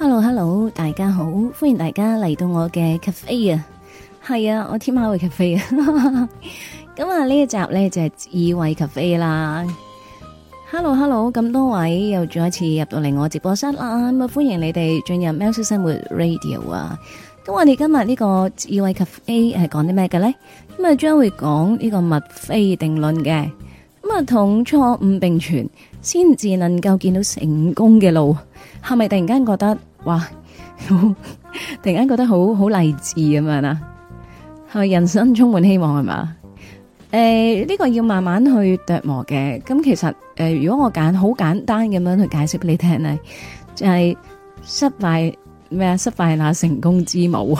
Hello Hello，大家好，歡迎大家嚟到我嘅 cafe 啊，係啊，我天喵會 cafe 啊，咁啊呢一集呢就係智慧 cafe 啦。Hello Hello，咁多位又再一次入到嚟我直播室啦，咁啊歡迎你哋進入喵式生活 radio 啊。咁我哋今日呢個智慧 cafe 係講啲咩嘅呢？咁啊將會講呢個墨菲定律嘅，咁啊同錯誤並存，先至能夠見到成功嘅路，係咪突然間覺得？哇！突然間覺得好好勵志咁樣啊，係人生充滿希望係嘛？誒，呢、呃這個要慢慢去琢磨嘅。咁其實誒、呃，如果我揀好簡單咁樣去解釋俾你聽咧，就係、是、失敗咩啊？失敗乃成功之母。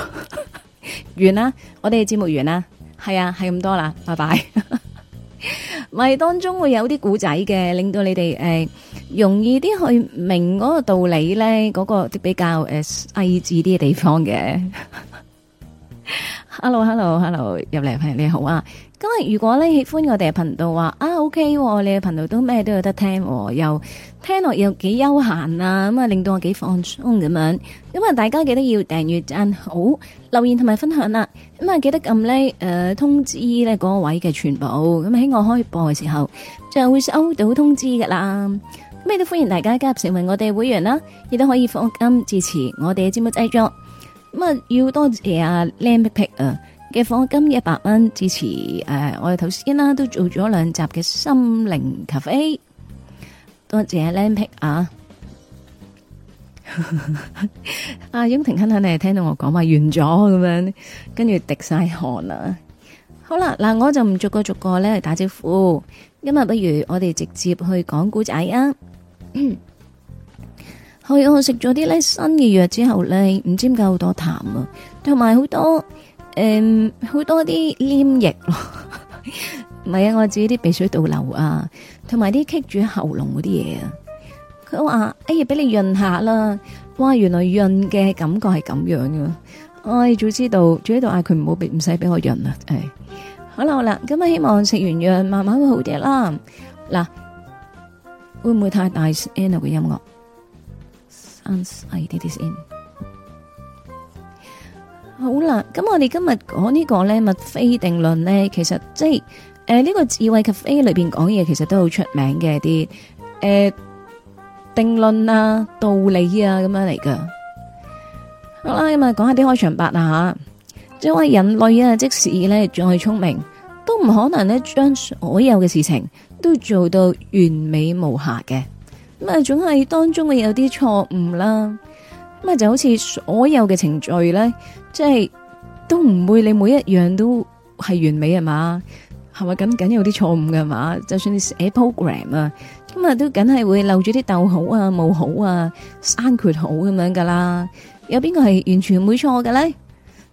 完啦，我哋嘅節目完啦。係啊，係咁多啦。拜拜。 咪當中會有啲古仔嘅，令到你哋誒、呃、容易啲去明嗰個道理咧，嗰、嗰個比較誒細致啲嘅地方嘅。Hello，Hello，Hello，入嚟嘅朋友你好啊！今日如果咧喜歡我哋嘅頻道話啊，OK，、哦、你嘅頻道都咩都有得聽、哦，又聽落又幾悠閒啊！咁、嗯、啊，令到我幾放鬆咁、啊、樣。咁、嗯、啊，大家記得要訂閱、讚好、留言同埋分享啦、啊。咁、嗯、啊，記得撳咧誒通知咧嗰位嘅全部。咁、嗯、喺、嗯、我開播嘅時候就會收到通知噶啦。咁、嗯、亦都歡迎大家加入成為我哋會員啦，亦都可以放心支持我哋嘅節目製作。咁、嗯、啊、嗯，要多謝阿靚碧碧啊！嘅課金一百蚊支持誒、呃，我哋頭先啦都做咗兩集嘅心靈咖啡，多謝 lenpic 啊，阿英婷肯肯定聽到我講話完咗咁樣，跟住滴晒汗啊。好啦，嗱，我就唔逐個逐個咧去打招呼，今日不如我哋直接去講古仔啊。後 我食咗啲咧新嘅藥之後咧，唔知點解好多痰啊，同埋好多。誒，好、um, 多啲黏液咯，唔 係啊，我自己啲鼻水倒流啊，同埋啲棘住喉嚨嗰啲嘢啊。佢話，哎呀，俾你潤下啦。哇，原來潤嘅感覺係咁樣噶。我、哎、早知道，早喺度嗌佢唔好，唔使俾我潤啦。誒、哎，好啦好啦，咁啊，希望食完藥慢慢會好啲啦。嗱，會唔會太大聲音音 sound 嘅音樂 sounds like this in。好啦，咁我哋今日講個呢個咧墨菲定論咧，其實即係誒呢個智慧 CAFE 裏邊講嘢，其實都好出名嘅啲誒定論啊、道理啊咁樣嚟噶。好啦，咁啊講下啲開場白啊吓，即係話人類啊，即使咧再聰明，都唔可能咧將所有嘅事情都做到完美無瑕嘅，咁啊總係當中會有啲錯誤啦。咁啊，就好似所有嘅程序咧，即係都唔會你每一樣都係完美係嘛，係咪？緊緊有啲錯誤嘅嘛，就算你寫 program 啊，咁啊都梗係會漏咗啲逗號啊、冒號啊、刪括號咁樣噶啦，有邊個係完全唔會錯嘅咧？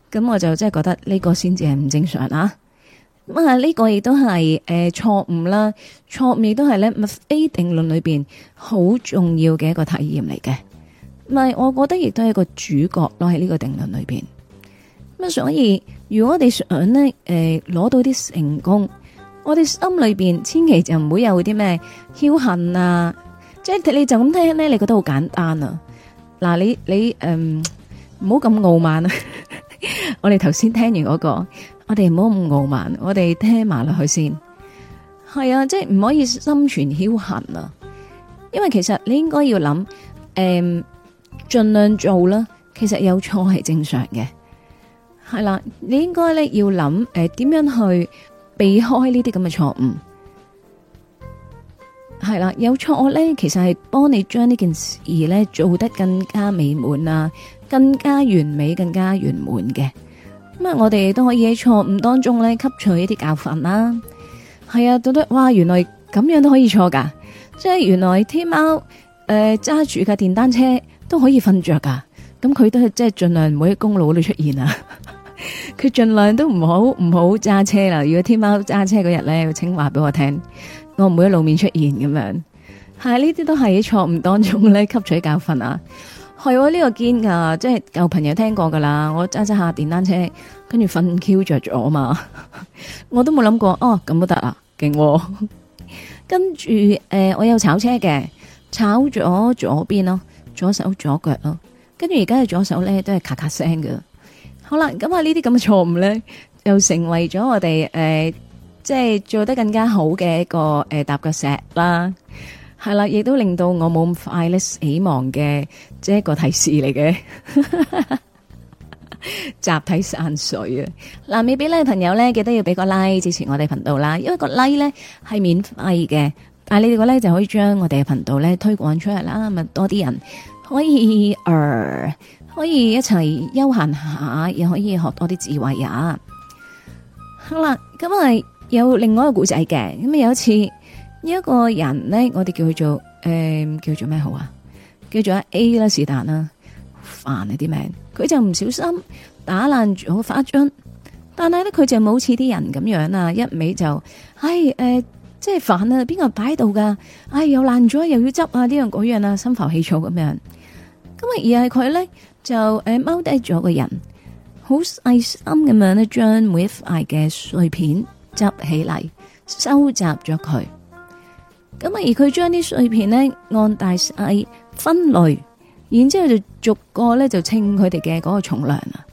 咁我就真係覺得呢個先至係唔正常啊！咁啊，呢個亦都係誒錯誤啦，錯誤亦都係咧墨菲定論裏邊好重要嘅一個體驗嚟嘅。唔係，我覺得亦都係一個主角攞喺呢個定論裏邊。咁所以如果我哋想咧，呃、攞到啲成功，我哋心裏邊千祈就唔會有啲咩僥倖啊！即係你就咁聽咧，你覺得好簡單啊？嗱，你你誒唔好咁傲慢啊！ 我哋頭先聽完嗰、那個，我哋唔好咁傲慢，我哋聽埋落去先。係啊，即係唔可以心存僥倖啊！因為其實你應該要諗誒盡量做啦，其實有錯係正常嘅，係啦，你應該咧要諗誒，呃、點樣去避開呢啲咁嘅錯誤，係啦。有錯咧，其實係幫你將呢件事咧做得更加美滿啊，更加完美，更加圓滿嘅咁啊。我哋都可以喺錯誤當中咧吸取一啲教訓啦。係啊，覺得、啊啊、哇，原來咁樣都可以錯噶，即係原來天喵誒揸住架電單車。都可以瞓着噶，咁佢都即係盡量唔喺公路嗰度出現啊！佢盡量都唔好唔好揸車啦。如果天貓揸車嗰日咧，請話俾我聽，我唔會喺路面出現咁樣。係呢啲都係喺錯誤當中咧吸取教訓啊！係喎呢個堅噶，即係有朋友聽過噶啦。我揸揸下電單車，跟住瞓 Q 着咗啊嘛！我都冇諗過哦，咁都得啊，勁、哦！跟住誒、呃，我有炒車嘅，炒咗左邊咯。左手左腳咯，跟住而家嘅左手咧都係咔咔聲㗎。好啦，咁啊呢啲咁嘅錯誤咧，又成為咗我哋誒，即係做得更加好嘅一個誒踏腳石啦，係啦，亦都令到我冇咁快咧死亡嘅，即係一個提示嚟嘅。集體散水啊！嗱，未俾 like 嘅朋友咧，記得要俾個 like 支持我哋頻道啦，因為個 like 咧係免費嘅。但係你哋個咧，就可以將我哋嘅頻道咧推廣出嚟啦，咪多啲人可以，呃、可以一齊休閒下，又可以學多啲智慧呀。好啦，咁啊有另外一個故仔嘅，咁啊有一次，一個人咧，我哋叫佢做誒、欸，叫做咩好啊？叫做阿 A 啦，是但啦，好煩啊啲名，佢就唔小心打爛咗花樽，但係咧佢就冇似啲人咁樣啊，一味就，係誒。欸即係煩啊！邊個擺到度？噶？唉、哎，又爛咗，又要執啊！呢樣嗰樣啊，心浮氣躁咁樣。咁啊，而係佢咧就誒踎低咗個人，好細心咁樣將每一塊嘅碎片執起嚟，收集咗佢。咁啊，而佢將啲碎片咧按大細分類，然之後就逐個咧就稱佢哋嘅嗰個重量啊。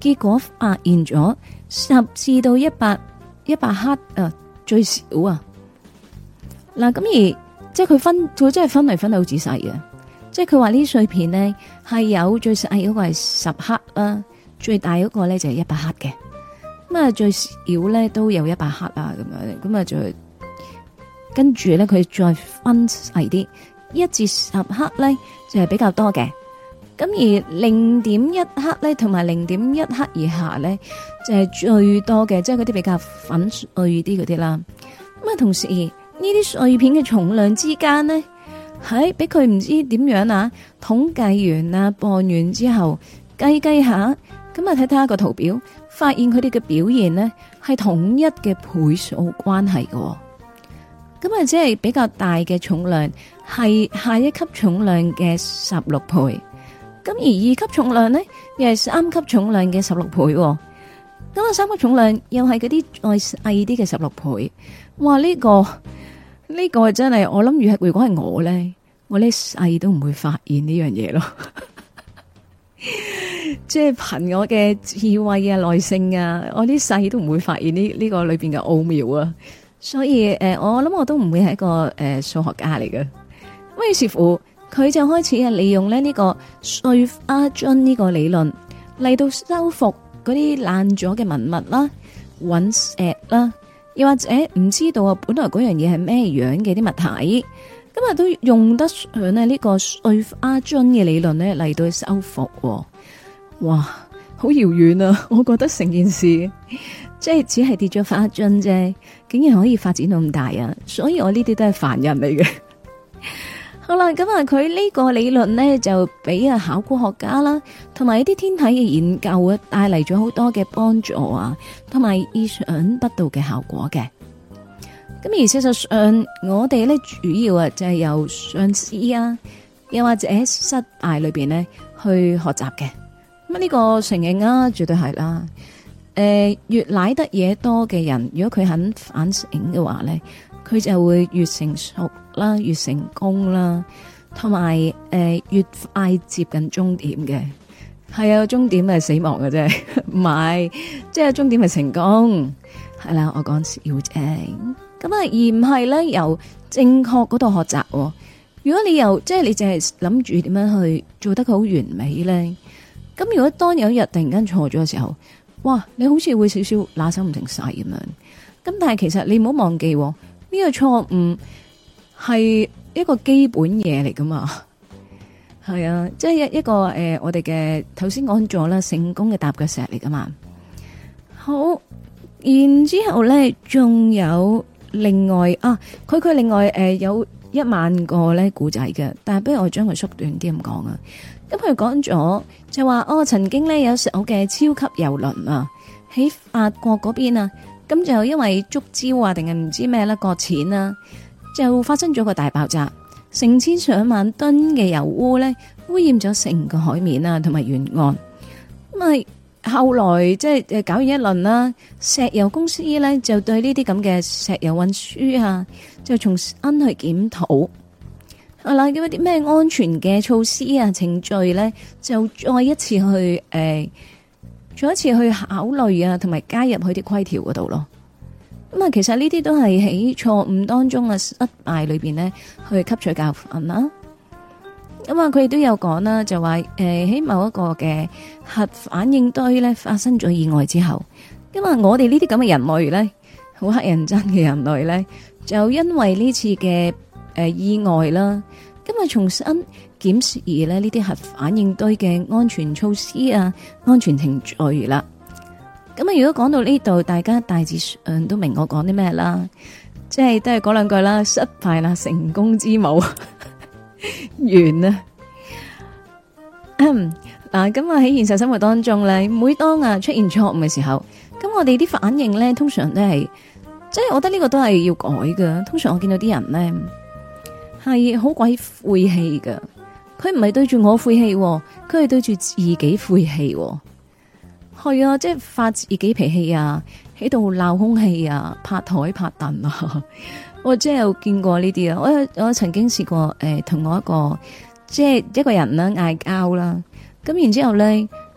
結果發現咗十至到一百一百克誒。呃最少啊，嗱、啊、咁而即係佢分，佢真係分嚟分得好仔細嘅，即係佢話呢啲碎片咧係有最細嗰個係十克啦，最大嗰個咧就係一百克嘅，咁啊最少咧都有一百克啊咁樣，咁啊就跟住咧佢再分細啲，一至十克咧就係、是、比較多嘅。咁而零點一克咧，同埋零點一克以下咧，就係最多嘅，即係嗰啲比較粉碎啲嗰啲啦。咁啊，同時呢啲碎片嘅重量之間呢，喺俾佢唔知點樣啊，統計完啊，播完之後計計下，咁啊睇睇下個圖表，發現佢哋嘅表現呢，係統一嘅倍數關係嘅，哦。咁啊，即係比較大嘅重量係下一級重量嘅十六倍。咁而二級重量咧，又係三級重量嘅十六倍。咁啊，三級重量又係嗰啲再細啲嘅十六倍。哇！呢個呢個真係，我諗如如果係我咧，我呢世都唔會發現呢樣嘢咯。即係憑我嘅智慧啊、耐性啊，我呢世都唔會發現呢呢個裏邊嘅奧妙啊。所以誒，我諗我都唔會係一個誒數學家嚟嘅。威師傅。佢就開始啊，利用咧呢個碎花樽呢個理論嚟到修復嗰啲爛咗嘅文物啦，揾石啦，又或者唔知道啊，本來嗰樣嘢係咩樣嘅啲物體，咁啊，都用得上呢個碎花樽嘅理論咧嚟到修復，哇，好遙遠啊！我覺得成件事即係只係跌咗花樽啫，竟然可以發展到咁大啊！所以我呢啲都係凡人嚟嘅。好啦，咁啊，佢呢個理論呢，就俾啊考古學家啦，同埋啲天體嘅研究會，帶嚟咗好多嘅幫助啊，同埋意想不到嘅效果嘅。咁而事實上，我哋呢主要啊就係由上司啊，又或者失敗裏邊呢去學習嘅。咁、這、呢個承認啊，絕對係啦。誒、呃，越賴得嘢多嘅人，如果佢肯反省嘅話呢。佢就會越成熟啦，越成功啦，同埋誒越快接近終點嘅。係啊，終點係死亡嘅，啫，唔係，即係終點係成功係啦、啊。我講笑咁啊，而唔係咧由正確嗰度學習。如果你由即係、就是、你淨係諗住點樣去做得好完美咧，咁如果當有一日突然間錯咗嘅時候，哇，你好似會少少拿手唔停晒咁樣。咁但係其實你唔好忘記。呢個錯誤係一個基本嘢嚟噶嘛？係 啊，即係一一個誒、呃，我哋嘅頭先講咗啦，成功嘅踏腳石嚟噶嘛。好，然之後咧仲有另外啊，佢佢另外誒、呃、有一萬個咧古仔嘅，但係不如我將佢縮短啲咁講啊。咁佢講咗就話、是、哦，曾經咧有食好嘅超級遊輪啊，喺法國嗰邊啊。咁就因為觸礁啊，定係唔知咩咧？擱淺啦、啊，就發生咗個大爆炸，成千上萬噸嘅油污咧，污染咗成個海面啊，同埋沿岸。咁係後來即係搞完一輪啦，石油公司咧就對呢啲咁嘅石油運輸啊，就重新去檢討。啊、嗯、啦，咁有啲咩安全嘅措施啊、程序咧，就再一次去誒。呃再一次去考慮啊，同埋加入佢啲規條嗰度咯。咁啊，其實呢啲都係喺錯誤當中嘅失敗裏邊咧去吸取教訓啦。咁啊，佢哋都有講啦，就話誒喺某一個嘅核反應堆咧發生咗意外之後，咁啊，我哋呢啲咁嘅人類咧，好乞人憎嘅人類咧，就因為呢次嘅誒意外啦，咁啊重新。檢視而呢啲核反應堆嘅安全措施啊，安全程序啦。咁啊，如果講到呢度，大家大致上都明我講啲咩啦，即係都係嗰兩句啦，失敗啦，成功之母 完啦了。嗱、 嗯，咁啊喺現實生活當中咧，每當啊出現錯誤嘅時候，咁我哋啲反應咧通常都係，即係我覺得呢個都係要改噶。通常我見到啲人咧係好鬼晦氣噶。佢唔係對住我晦氣、哦，佢係對住自己晦氣、哦，係啊，即係發自己脾氣啊，喺度鬧空氣啊，拍台拍凳啊， 我真係有見過呢啲啊，我我曾經試過誒，同、哎、我一個即係一個人咧嗌交啦，咁然之後咧，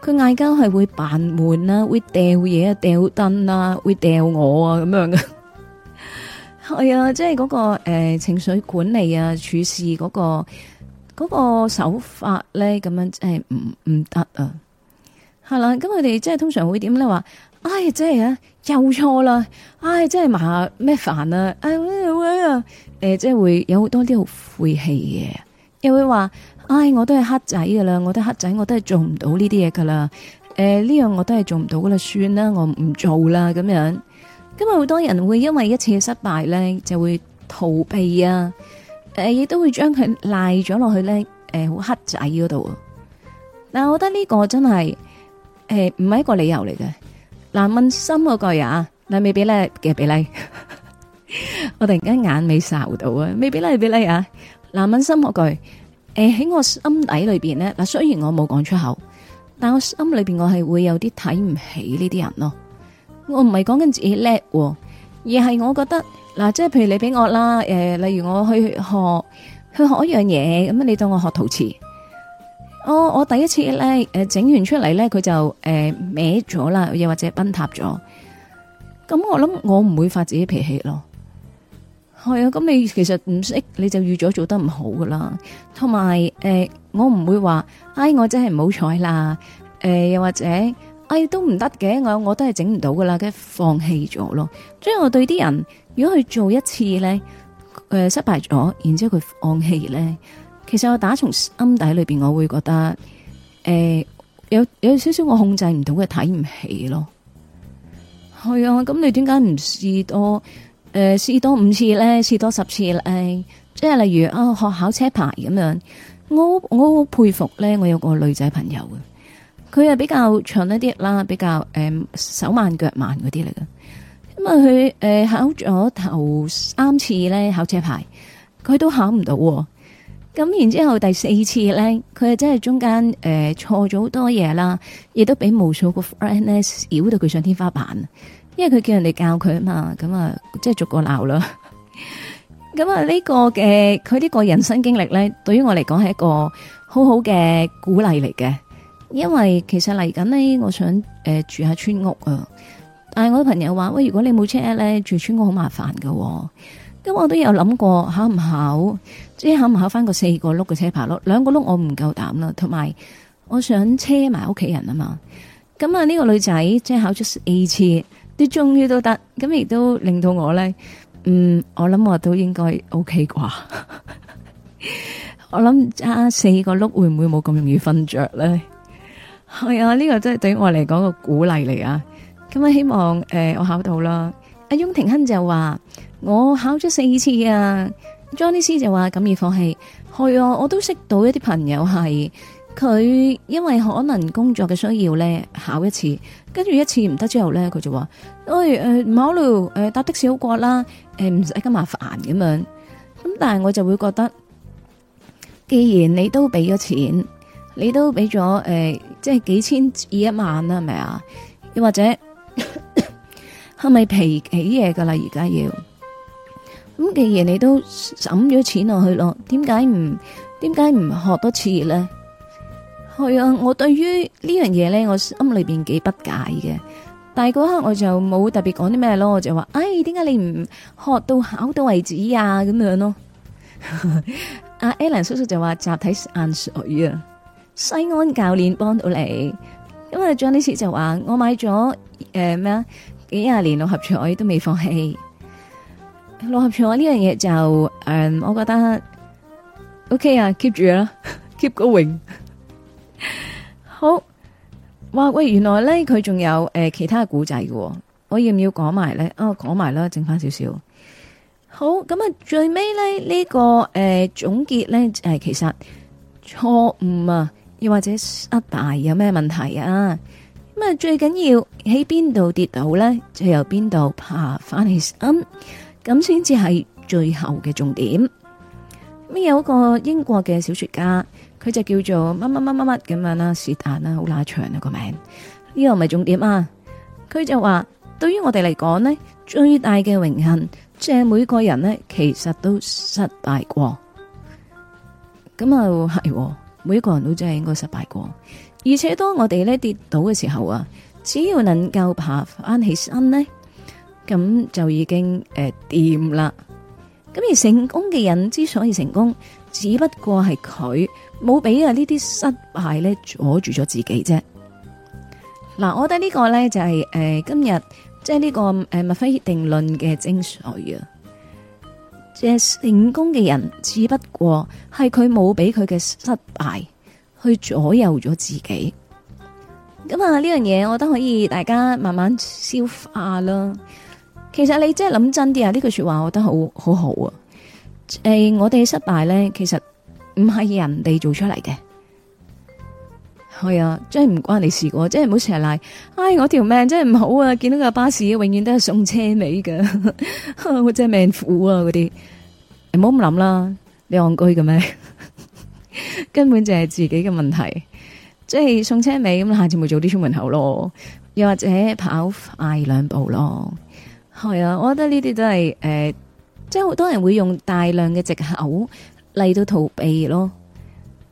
佢嗌交係會扮悶啦，會掉嘢啊，掉燈啊，會掉我啊咁樣噶，係啊，即係嗰、那個誒、呃、情緒管理啊，處事嗰個。嗰個手法咧咁樣，即係唔唔得啊！係啦、啊，咁佢哋即係通常會點咧？話，唉、哎，真係啊，又錯啦！唉、哎，真係麻咩煩啊！唉、哎，喂、哎，喂、呃，誒，誒即係會有好多啲好晦氣嘅，又會話，唉、哎，我都係黑仔噶啦，我都黑仔，我都係做唔到呢啲嘢噶啦，誒、呃、呢樣我都係做唔到噶啦，算啦，我唔做啦咁樣。咁、嗯、啊，好多人會因為一次嘅失敗咧，就會逃避啊。誒，亦都會將佢賴咗落去咧，誒、呃，好黑仔嗰度啊！但我覺得呢個真係，誒、呃，唔係一個理由嚟嘅。嗱問心嗰句啊，嗱未必叻嘅，必叻。我突然間眼尾睄到啊，未必叻，必叻啊！嗱 問心嗰句，誒、呃，喺我心底裏邊咧，嗱，雖然我冇講出口，但我心裏邊我係會有啲睇唔起呢啲人咯。我唔係講緊自己叻，而係我覺得。嗱，即係譬如你俾我啦，誒，例如我去學去學一樣嘢，咁啊，你當我學陶瓷，我、oh, 我第一次咧，誒，整完出嚟咧，佢就誒、呃、歪咗啦，又或者崩塌咗，咁我諗我唔會發自己脾氣咯。係啊，咁你其實唔識你就預咗做得唔好噶啦，同埋誒，我唔會話，唉、哎，我真係唔好彩啦，誒、呃，又或者。哎，都唔得嘅，我我都係整唔到噶啦，跟放棄咗咯。即係我對啲人，如果佢做一次咧，誒失敗咗，然之後佢放棄咧，其實我打從心底裏邊我會覺得，誒、呃、有有少少我控制唔到嘅睇唔起咯。係啊，咁你點解唔試多？誒、呃，試多五次咧，試多十次呢，誒，即係例如啊、哦，學考車牌咁樣，我我好佩服咧，我有個女仔朋友嘅。佢係比較長一啲啦，比較誒、嗯、手慢腳慢嗰啲嚟嘅。咁啊，佢、呃、誒考咗頭三次咧考車牌，佢都考唔到、啊。咁然之後第四次咧，佢係真係中間誒錯咗好多嘢啦，亦都俾無數個 friends 擾到佢上天花板。因為佢叫人哋教佢啊嘛，咁啊即係逐個鬧啦。咁啊呢個嘅佢呢個人生經歷咧，對於我嚟講係一個好好嘅鼓勵嚟嘅。因為其實嚟緊呢，我想誒住下村屋啊，但係我啲朋友話喂，如果你冇車咧，住村屋好麻煩噶喎。咁我都有諗過考唔考，即係考唔考翻個四個碌嘅車牌咯？兩個碌我唔夠膽啦，同埋我想車埋屋企人啊嘛。咁啊呢個女仔即係考咗二次，你終於到得，咁亦都令到我咧，嗯，我諗我都應該 OK 啩。 我諗揸四個碌會唔會冇咁容易瞓着咧？係啊，呢、哎，這個真係對於我嚟講個鼓勵嚟啊！咁啊，希望誒、呃，我考到啦。阿翁廷亨就話我考咗四次啊。Johnny n 斯就話咁易放棄，係啊、哎，我都識到一啲朋友係佢，佢因為可能工作嘅需要咧，考一次，跟住一次唔得之後咧，佢就話誒誒唔好咯，誒、哎、搭、呃呃、的士好過啦，誒唔使咁麻煩咁樣。咁但係我就會覺得，既然你都俾咗錢，你都俾咗誒。呃即係幾千以一萬啦，係咪啊？又或者係咪 皮起嘢噶啦？而家要咁，既然你都抌咗錢落去咯，點解唔點解唔學多次咧？係啊，我對於呢樣嘢咧，我心裏邊幾不解嘅。但嗰刻我就冇特別講啲咩咯，我就話誒，哎，點解你唔學到考到為止啊？咁樣咯。阿 Alan 叔叔就話集體眼水啊！西安教練幫到你，咁啊張女士就話，我買咗誒咩啊幾廿年六合彩都未放棄，六合彩呢樣嘢就誒、呃、我覺得 O、OK、K 啊 keep 住啦 keep going 好哇，喂，原來咧佢仲有誒、呃、其他古仔嘅。我要唔要講埋咧？哦，講埋啦，剩翻少少好。咁啊最尾咧呢、這個誒、呃、總結咧其實錯誤啊！又或者失敗有咩問題啊？咁啊最緊要喺邊度跌倒咧，就由邊度爬翻起身，咁先至係最後嘅重點。咁有一個英國嘅小說家，佢就叫做乜乜乜乜乜咁樣啦，是但啦，好拉長啊個名。呢個唔係重點啊。佢就話，對於我哋嚟講呢，最大嘅榮幸，即係每個人呢其實都失敗過。咁啊係。每一個人都真係應該失敗過，而且當我哋咧跌倒嘅時候啊，只要能夠爬翻起身呢，咁就已經誒掂啦。咁、呃、而成功嘅人之所以成功，只不過係佢冇俾啊呢啲失敗咧阻住咗自己啫。嗱、呃，我覺得呢個呢，就係、是、誒、呃、今日即係呢個誒墨菲定律嘅精髓啊！即係成功嘅人，只不過係佢冇俾佢嘅失敗去左右咗自己。咁啊，呢樣嘢我覺得可以大家慢慢消化啦。其實你想真係諗真啲啊，呢句說話我覺得好好好啊。誒、呃，我哋失敗咧，其實唔係人哋做出嚟嘅。係啊，真係唔關你事噶，真係唔好成日賴。唉，我條命真係唔好啊！見到個巴士永遠都係送車尾噶，我真係命苦啊！嗰啲唔好咁諗啦，你戇居嘅咩？ 根本就係自己嘅問題。即係送車尾咁，下次咪早啲出門口咯，又或者跑快兩步咯。係啊，我覺得呢啲都係誒，即係好多人會用大量嘅借口嚟，到逃避咯。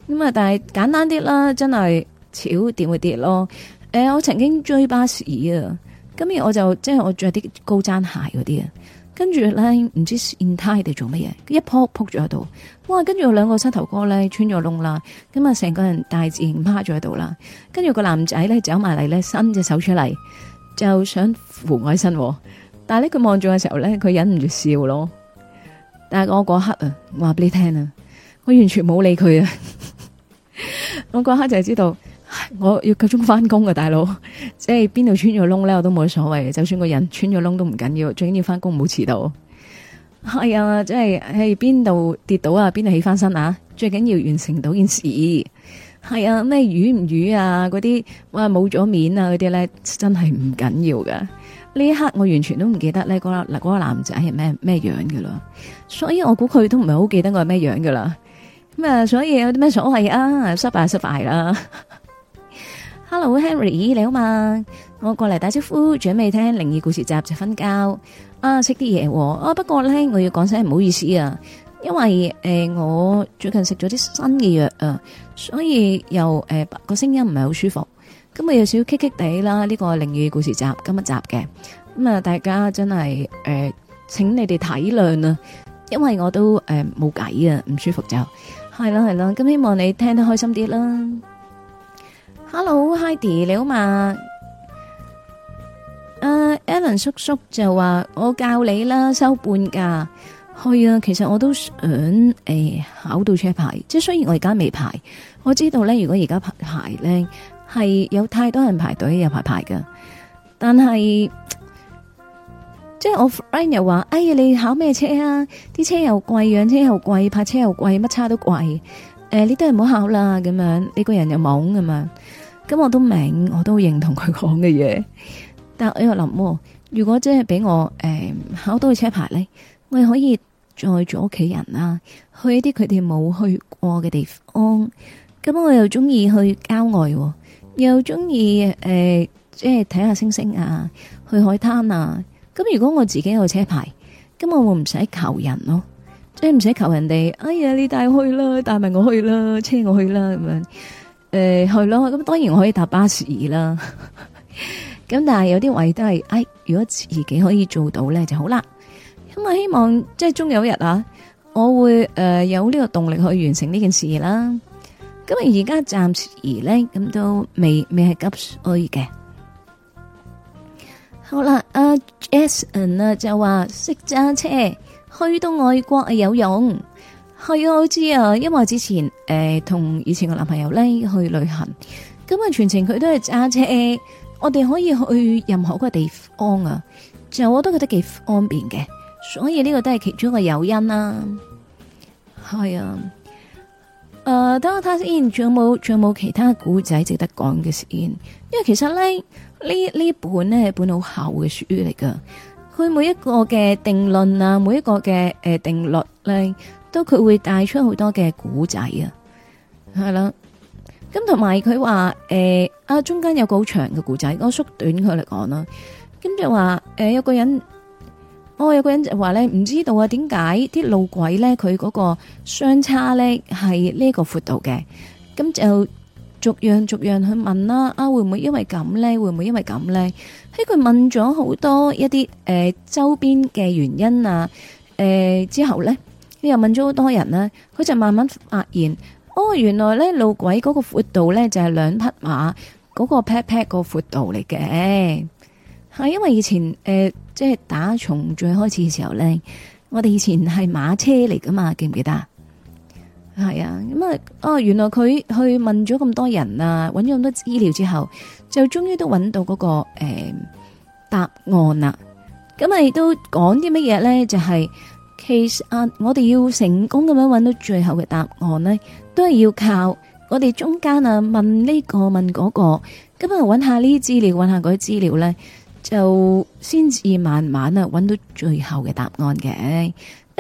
咁啊，但係簡單啲啦，真係。超點會跌咯！誒、呃，我曾經追巴士啊，今日我就即係我着啲高踭鞋嗰啲啊，跟住咧唔知跣胎定做乜嘢，一扑扑咗喺度，哇！跟住我兩個膝頭哥咧穿咗窿啦，咁啊成個人大字形趴咗喺度啦，跟住個男仔咧走埋嚟咧伸隻手出嚟，就想扶我起身，啊，但係咧佢望住嘅時候咧佢忍唔住笑咯。但係我嗰刻啊，我話俾你聽啊，我完全冇理佢啊， 我嗰刻就係知道。我要夠鐘翻工嘅大佬，即係邊度穿咗窿咧，我都冇所謂。就算個人穿咗窿都唔緊要，最緊要翻工冇遲到。係啊、哎，即係喺邊度跌倒啊，邊度起翻身啊？最緊要完成到件事。係、哎、啊，咩瘀唔瘀啊？嗰啲哇冇咗面啊？嗰啲咧真係唔緊要嘅。呢一刻我完全都唔記得咧嗰、那個那個男仔係咩咩樣嘅啦。所以我估佢都唔係好記得我係咩樣嘅啦。咁啊，所以有啲咩所謂啊？失敗失敗啦～Hello，Henry，你好嘛？我過嚟打招呼，準備聽靈異故事集就瞓覺啊！食啲嘢喎。不過咧我要講聲唔好意思啊，因為誒、呃、我最近食咗啲新嘅藥啊，所以又誒個聲音唔係好舒服，咁、嗯、我有少少棘棘地啦。呢、這個靈異故事集今日集嘅，咁、嗯、啊大家真係誒、呃，請你哋體諒啊，因為我都誒冇計啊，唔舒服就係啦係啦，咁、嗯、希望你聽得開心啲啦。Hello Heidi 你好嘛？誒、uh，Alan 叔叔就話我教你啦，收半價，去啊。其實我都想誒、欸、考到車牌，即係雖然我而家未排，我知道咧，如果而家排咧係有太多人排隊又排排噶，但係即係我 friend 又話，哎呀，你考咩車啊？啲車又貴，養車又貴，泊車又貴，乜叉都貴。誒、欸，你都係唔好考啦，咁樣你個人又懵咁樣。咁我都明，我都認同佢講嘅嘢。但係我又諗、哦，如果即係俾我誒、欸、考到個車牌呢，我又可以載住屋企人呀、啊，去一啲佢哋冇去過嘅地方。咁我又中意去郊外、哦，又中意誒，即係睇下星星啊，去海灘啊。咁如果我自己有車牌，咁我會唔使求人咯、哦，即係唔使求人哋。哎呀，你帶去啦，帶埋我去啦，車我去啦，咁樣。誒，係咯、呃，咁當然我可以搭巴士啦。咁 但係有啲位都係，哎，如果自己可以做到咧就好啦。咁啊，希望即係終有一日啊，我會誒、呃、有呢個動力去完成呢件事啦。咁啊，而家暫時咧，咁都未未係急需嘅。好啦，阿 Jason 啊，就話識揸車，去到外國啊有用。係啊，我知啊，因為我之前誒同、呃、以前個男朋友咧去旅行，咁啊全程佢都係揸車，我哋可以去任何個地方啊，就我都覺得幾方便嘅，所以呢個都係其中一個誘因啦。係啊，誒、啊呃，等我睇下先，仲有冇仲有冇其他古仔值得講嘅先？因為其實咧呢呢呢本呢本咧本好厚嘅書嚟噶。佢每一個嘅定論啊，每一個嘅誒、呃、定律咧。都佢會帶出好多嘅古仔啊，係啦。咁同埋佢話誒，啊、呃、中間有個好長嘅古仔，我縮短佢嚟講啦。咁就話誒、呃，有個人，我、哦、有個人就話咧，唔知道啊，點解啲路軌咧佢嗰個相差咧係呢個闊度嘅？咁就逐樣逐樣去問啦。啊，會唔會因為咁咧？會唔會因為咁咧？喺佢問咗好多一啲誒、呃、周邊嘅原因啊，誒、呃、之後咧。又問咗好多人咧，佢就慢慢發現，哦，原來咧，路軌嗰個闊度咧就係、是、兩匹馬嗰、那個 pat pat 個闊度嚟嘅，係因為以前誒即係打從最開始嘅時候咧，我哋以前係馬車嚟噶嘛，記唔記得啊？係、嗯、啊，咁啊哦，原來佢去問咗咁多人啊，揾咗咁多資料之後，就終於都揾到嗰、那個誒、呃、答案啦。咁咪都講啲乜嘢咧？就係、是。其實啊，我哋要成功咁樣揾到最後嘅答案呢，都係要靠我哋中間啊問呢個問嗰個，咁啊揾下呢啲資料，揾下嗰啲資料呢，就先至慢慢啊揾到最後嘅答案嘅。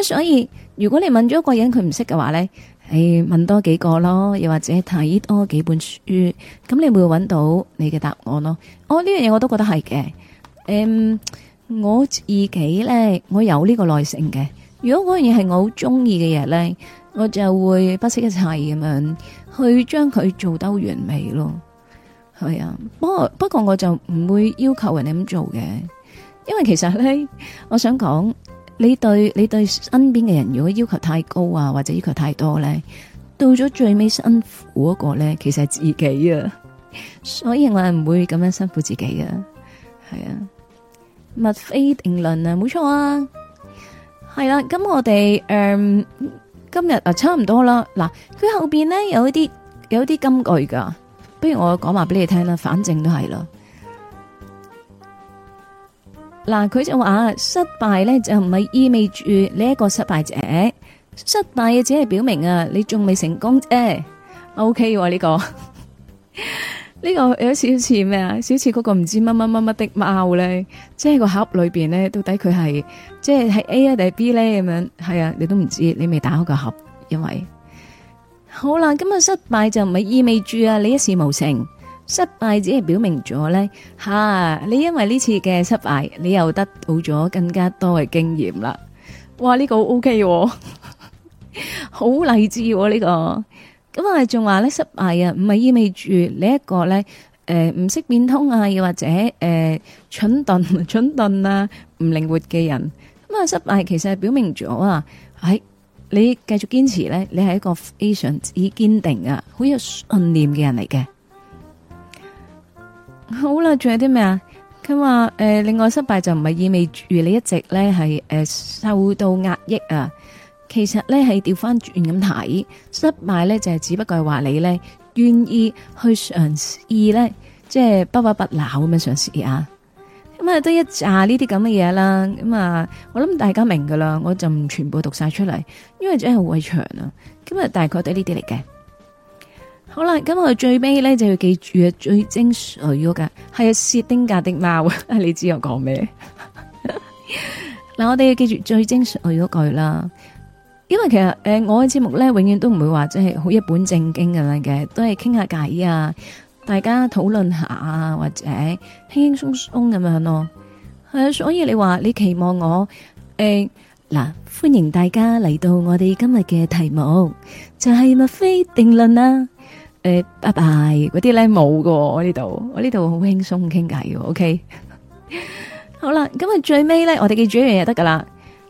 所以如果你問咗一個人佢唔識嘅話呢，係問多幾個咯，又或者睇多幾本書，咁你會揾到你嘅答案咯。哦，呢樣嘢我都覺得係嘅。嗯，我自己呢，我有呢個耐性嘅。如果嗰樣嘢係我好中意嘅嘢咧，我就會不惜一切咁樣去將佢做得完美咯，係啊。不過不過我就唔會要求人哋咁做嘅，因為其實咧，我想講你對你對身邊嘅人如果要求太高啊，或者要求太多咧，到咗最尾辛苦嗰個咧，其實係自己啊。所以我係唔會咁樣辛苦自己嘅，啊，係啊。墨菲定律啊，冇錯啊。係啦，咁我哋誒、嗯、今日啊差唔多啦。嗱，佢後邊咧有一啲有啲金句噶，不如我講話俾你聽啦。反正都係咯。嗱，佢就話失敗咧就唔係意味住呢一個失敗者，失敗嘅，只係表明啊你仲未成功。誒 OK 喎，呢個。 呢個有少少似咩啊？少似嗰個唔知乜乜乜乜的貓咧，即係個盒裏邊咧，到底佢係即係係 A 啊定係 B 咧？咁樣係啊，你都唔知，你未打開個盒，因為好啦，今日失敗就唔係意味住啊你一事無成，失敗只係表明咗咧，吓、啊、你因為呢次嘅失敗，你又得到咗更加多嘅經驗啦。哇，呢個 OK 喎， 好勵志喎，呢個。咁我哋仲話咧失敗啊，唔係意味住你一個咧，誒唔識變通啊，又或者誒、呃、蠢鈍蠢鈍啊，唔靈活嘅人。咁啊，失敗其實係表明咗啊，喺你繼續堅持咧，你係一個非常之堅定啊，好有信念嘅人嚟嘅。好啦，仲有啲咩啊？佢話誒，另外失敗就唔係意味住你一直咧係誒受到壓抑啊。其實咧係調翻轉咁睇，失敗咧就係只不過係話你咧願意去嘗試咧，即係不屈不撓咁樣嘗試啊。咁、嗯、啊，得一紮呢啲咁嘅嘢啦。咁、嗯、啊，我諗大家明噶啦，我就唔全部讀晒出嚟，因為真係好鬼長啊。今、嗯、日大概都係呢啲嚟嘅。好啦，咁、嗯、我最尾咧就要記住最精髓嗰係係薛丁格的貓， 你知我講咩？嗱、 嗯，我哋要記住最精髓嗰句啦。因為其實誒，我嘅節目咧，永遠都唔會話即係好一本正經咁樣嘅，都係傾下偈啊，大家討論下啊，或者輕輕鬆鬆咁樣咯。係啊，所以你話你期望我誒嗱，歡迎大家嚟到我哋今日嘅題目就係墨菲定論啊。誒，拜拜嗰啲咧冇㗎，我呢度我呢度好輕鬆傾偈嘅，OK。好啦，今日最尾咧，我哋記住一樣嘢得噶啦，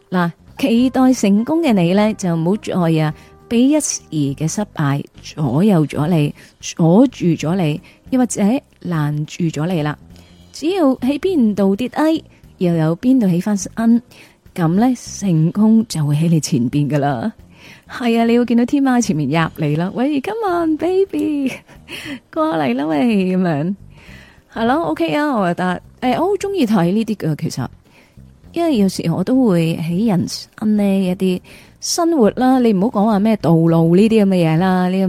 嗱。期待成功嘅你呢，就唔好再啊，俾一時嘅失敗左右咗你，阻住咗你，又或者攔住咗你啦。只要喺邊度跌低，又有邊度起翻身，咁呢，成功就會喺你前邊噶啦。係啊，你會見到天喵前面入嚟啦。喂，Come on baby，過嚟啦喂，咁樣。Hello，OK 啊，我覺得。誒，我好中意睇呢啲噶，其實。因為有時候我都會喺人生呢一啲生活啦，你唔好講話咩道路呢啲咁嘅嘢啦，呢咁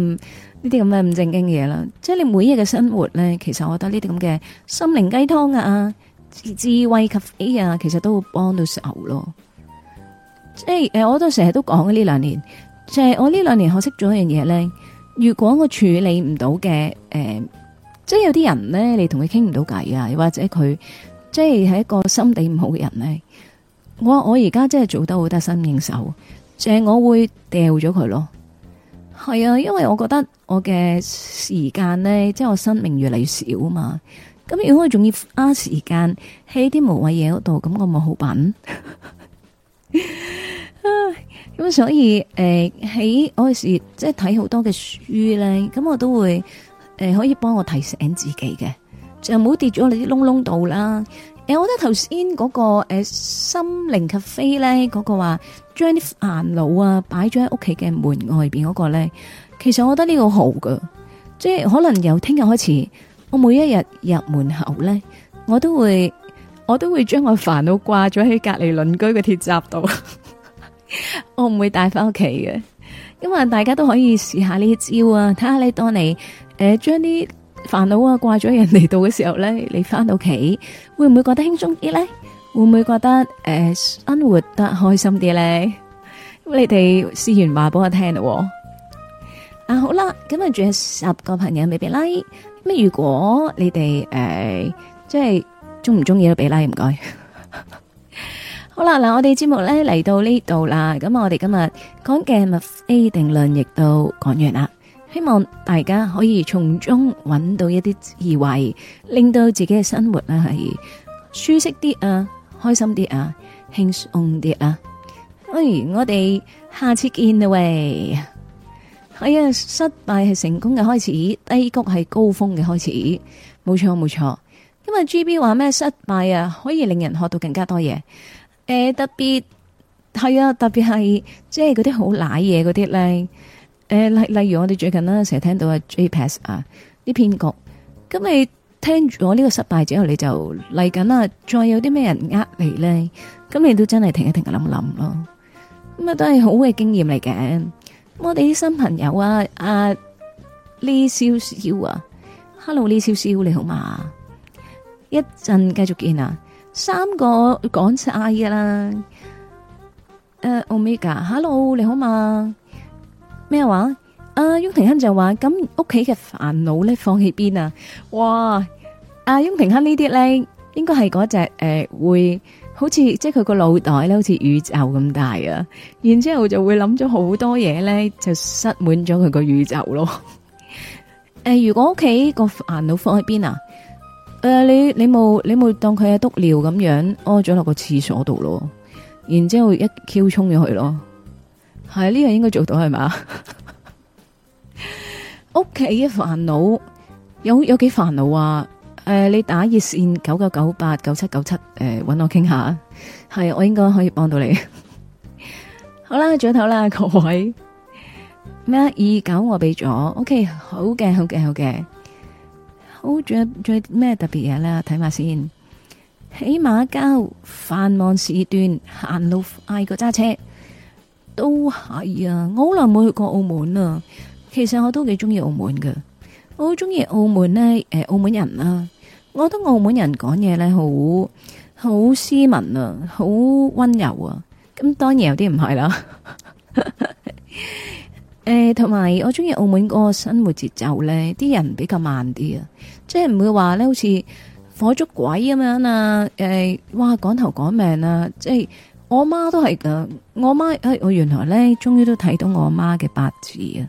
呢啲咁嘅唔正經嘅嘢啦。即係你每日嘅生活咧，其實我覺得呢啲咁嘅心靈雞湯啊、智，智慧咖啡啊，其實都會幫到手咯。即係誒，我都成日都講嘅呢兩年，就係我呢兩年學識咗一樣嘢咧。如果我處理唔到嘅誒，即係有啲人咧，你同佢傾唔到偈啊，或者佢即係係一個心地唔好嘅人咧。我我而家真係做得好得心應手，就係、是、我會掉咗佢咯。係啊，因為我覺得我嘅時間呢，即係我生命越嚟越少啊嘛。咁如果我仲要花時間喺啲無謂嘢嗰度，咁我咪好笨。咁、 啊、所以誒，喺、呃、我嘅時即係睇好多嘅書咧，咁我都會誒、呃、可以幫我提醒自己嘅，就唔好跌咗你啲窿窿度啦。誒，我覺得頭先嗰個誒、啊、心靈咖啡咧，嗰、嗰個話將啲煩惱啊擺咗喺屋企嘅門外邊嗰個咧，其實我覺得呢個好噶，即係可能由聽日開始，我每一日入門口咧，我都會我都會將我煩惱掛咗喺隔籬鄰居嘅鐵閘度， 我唔會帶翻屋企嘅，因為大家都可以試下呢招啊，睇下你當你誒、啊、將啲。煩惱啊，掛咗人哋到嘅時候咧，你翻到屋企會唔會覺得輕鬆啲咧？會唔會覺得誒，生活得開心啲咧？咁你哋試完話俾我聽咯。啊，好啦，咁啊仲有十個朋友未俾禮，咁啊如果你哋誒，即係中唔中意都俾禮唔該。好啦，嗱我哋節目咧，嚟到呢度啦，咁我哋今日講嘅墨菲定律亦都講完啦。希望大家可以從中揾到一啲智慧，令到自己嘅生活咧係舒適啲啊，開心啲啊，輕鬆啲啊。哎，我哋下次見啦喂。係、哎、啊，失敗係成功嘅開始，低谷係高峰嘅開始，冇錯冇錯。因為 GB 話咩失敗啊，可以令人學到更加多嘢。誒、哎，特別係啊，特別係即係嗰啲好賴嘢嗰啲咧。就是誒，例例如我哋最近啦，成日聽到阿 J.Pass 啊啲騙局，咁你聽住我呢個失敗之後，你就嚟緊啦，再有啲咩人呃你咧，咁你都真係停一停諗諗咯。咁啊，都係好嘅經驗嚟嘅。我哋啲新朋友啊，阿、啊、Lee 瀟瀟啊，Hello，Lee 瀟瀟你好嘛？一陣繼續見啊，三個講晒㗎啦。誒、uh，Omega，Hello，你好嘛？咩話？啊，雍平亨就話：咁屋企嘅煩惱咧，放喺邊啊？哇！阿、啊、雍平亨這些呢啲咧，應該係嗰隻誒，會好似即係佢個腦袋咧，好似宇宙咁大啊！然之後就會諗咗好多嘢咧，就塞滿咗佢個宇宙咯。誒、呃，如果屋企個煩惱放喺邊啊？誒、呃，你你冇你冇當佢係督尿咁樣，屙咗落個廁所度咯，然之後一 Q 沖咗去咯。係呢樣應該做到係嘛？屋企嘅煩惱有有幾煩惱啊？誒、呃，你打熱線九九九八九七九七誒，搵、呃、我傾下，係我應該可以幫到你。 好啦，轉頭啦，各位咩二九我俾咗，OK，好嘅，好嘅，好嘅，好，仲仲咩特別嘢咧？睇下先，起碼交繁忙時段行路嗌個揸車。都係啊！我好耐冇去過澳門啊。其實我都幾中意澳門嘅。我好中意澳門呢，誒、呃，澳門人啦、啊。我覺得澳門人講嘢呢，好好斯文啊，好温柔啊。咁當然有啲唔係啦。誒、 呃，同埋我中意澳門嗰個生活節奏呢，啲人比較慢啲啊，即係唔會話呢，好似火燭鬼咁樣啊。誒、呃，哇，趕頭趕命啊，即係。我媽都係噶，我媽誒、哎，我原來咧，終於都睇到我媽嘅八字啊，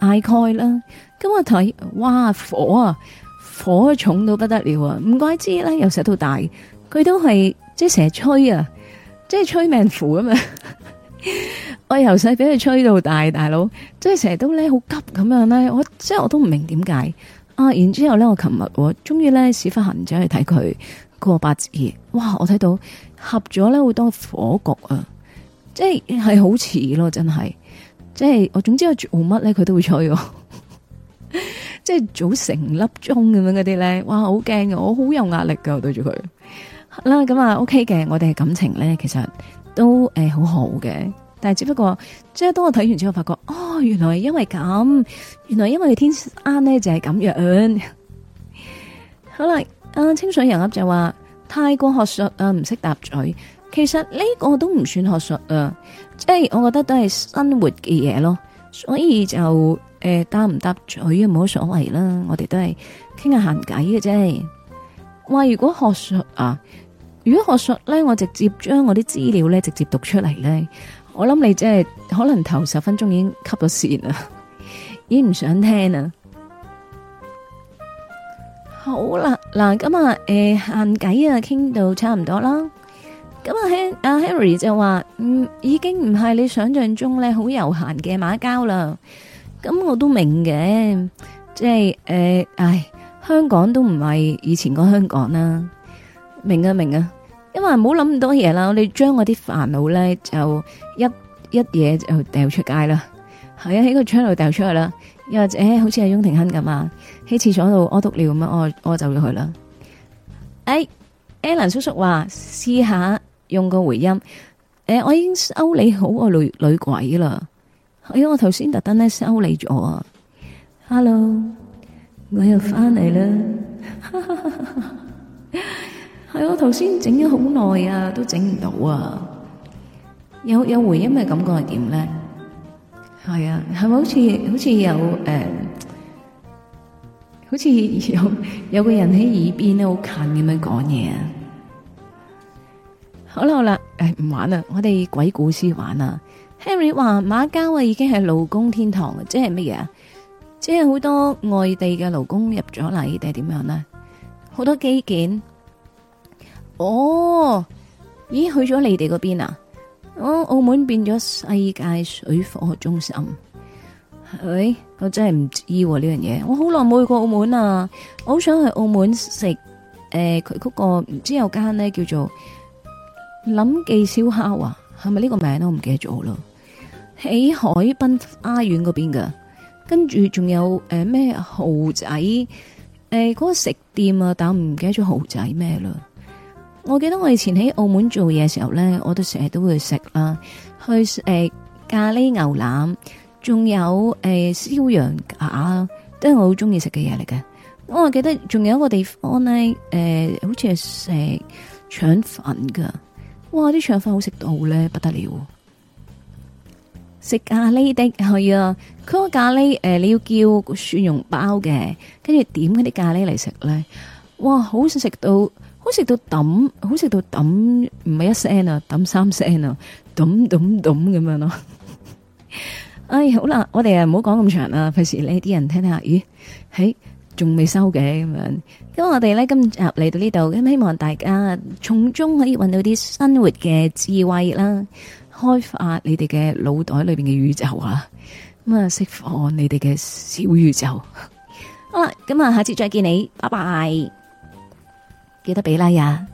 大概啦。咁我睇，哇火啊，火啊，火重到不得了啊！唔怪之呢，由細到大，佢都係即係成日吹啊，即係吹命符啊嘛。 我由細俾佢吹到大，大佬即係成日都咧好急咁樣咧，我即係我都唔明點解啊。然之後咧，我琴日我終於咧屎忽痕走去睇佢嗰個八字，哇！我睇到，合咗咧會當火局啊，即係係好似咯，真係，即係我總之我做乜咧佢都會吹我， 即係組成粒鐘咁樣嗰啲咧，哇好驚啊，我好有壓力噶對住佢。啦咁啊，OK 嘅，我哋嘅、 嗯 okay、感情咧其實都誒、欸、好好嘅，但係只不過即係當我睇完之後發覺，哦原來係因為咁，原來因為天啱咧就係、是、咁樣。 好啦，啊清水人粒就話。太過學術啊，唔識答嘴，其實呢個都唔算學術啊，即係我覺得都係生活嘅嘢咯，所以就誒答唔答嘴啊，冇乜所謂啦，我哋都係傾下閒偈嘅啫。話如果學術啊，如果學術咧，我直接將我啲資料咧直接讀出嚟咧，我諗你即係可能頭十分鐘已經吸咗線啦，已經唔想聽啦。好啦，嗱咁啊，誒、欸，閒偈啊，傾到差唔多啦。咁啊，Harry 就話，嗯，已經唔係你想象中咧，好悠閒嘅馬交啦。咁我都明嘅，即係誒、欸，唉，香港都唔係以前個香港啦。明啊，明啊，因為唔好諗咁多嘢啦，我哋將我啲煩惱咧就一一嘢就掉出街啦，係啊，喺個窗度掉出嚟啦。又或者好似係翁廷鏗咁啊。喺廁所度屙督尿咁樣，我我就要去啦。哎，Alan 叔叔話試下用個回音。誒、哎，我已經修理好個女女鬼啦。因、哎、啊，我頭先特登咧修理咗。Hello，我又翻嚟啦。係、 哎、我頭先整咗好耐啊，都整唔到啊。有有回音嘅感覺係點咧？係啊，係咪好似好似有誒？呃好似有有個人喺耳邊咧，好近咁樣講嘢。好啦好啦，誒唔玩啦，我哋鬼故事玩啦。Henry 話馬交啊，已經係勞工天堂，即係乜嘢啊？即係好多外地嘅勞工入咗嚟定係點樣呢？好多基建。哦，咦去咗你哋嗰邊啊？哦，澳門變咗世界水貨中心。係咪？我真係唔知喎呢樣嘢，我好耐冇去過澳門啊！我好想去澳門食，誒、呃、佢、那、嗰個唔知有間咧叫做林記燒烤啊，係咪呢個名都唔記得咗咯。喺海濱花園嗰邊嘅，跟住仲有誒咩、呃、豪仔，誒、呃、嗰、那個食店啊，但唔記得咗豪仔咩啦。我記得我以前喺澳門做嘢嘅時候咧，我都成日都會食啦、啊，去誒、呃、咖喱牛腩。仲有誒、呃、燒羊架，都係我好中意食嘅嘢嚟嘅。我記得仲有一個地方咧，誒、呃、好似係食腸粉噶。哇！啲腸粉好食到咧，不得了、啊！食咖喱的係啊，佢、嗰個咖喱誒、呃、你要叫個蒜蓉包嘅，跟住點嗰啲咖喱嚟食咧。哇！好食食到好食到抌，好食到抌，唔係一聲啊，抌三聲啊，抌抌抌咁樣咯、啊、～ 哎，好啦，我哋啊唔好講咁長啦，費事呢啲人聽聽下。咦，喺仲未收嘅咁樣。咁我哋咧今集嚟到呢度，咁希望大家從中可以搵到啲生活嘅智慧啦，開發你哋嘅腦袋裏邊嘅宇宙啊。咁、嗯、啊，釋放你哋嘅小宇宙。好啦，咁、嗯、啊，下次再見你，拜拜。記得畀 like 呀。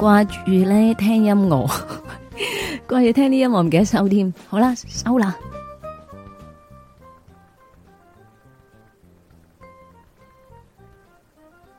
掛住呢聽音樂，掛住聽啲音樂唔記得收添，好啦，收啦。